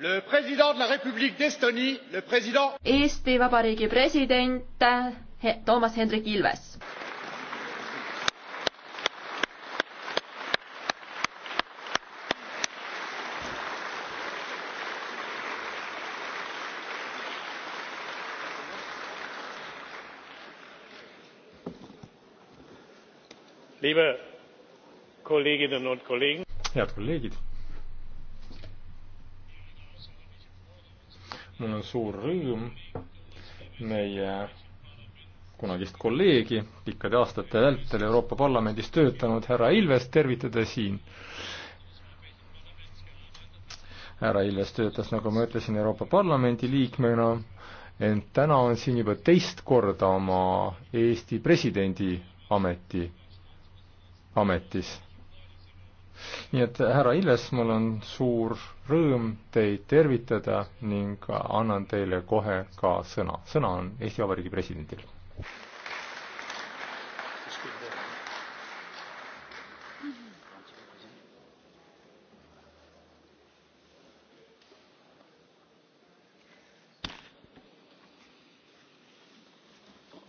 President... Eesti Vabariigi president Toomas Hendrik Ilves. head kolleegid! mul on suur rõõm meie kunagist kolleegi pikkade aastate vältel Euroopa Parlamendis töötanud härra Ilvest tervitada siin. härra Ilves töötas, nagu ma ütlesin, Euroopa Parlamendi liikmena, ent täna on siin juba teist korda oma Eesti presidendi ameti, ametis nii et härra Ilves, mul on suur rõõm teid tervitada ning annan teile kohe ka sõna. sõna on Eesti Vabariigi presidendil.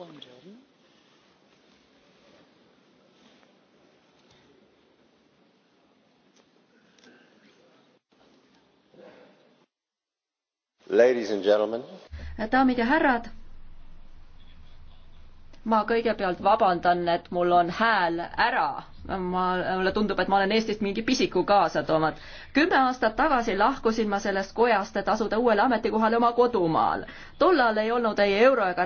Buongiorno. daamid ja härrad, ma kõigepealt vabandan, et mul on hääl ära. ma, mulle tundub, et ma olen Eestist mingi pisiku kaasa toonud. kümme aastat tagasi lahkusin ma sellest kojast, et asuda uuele ametikohale oma kodumaal. tollal ei olnud ei euro ega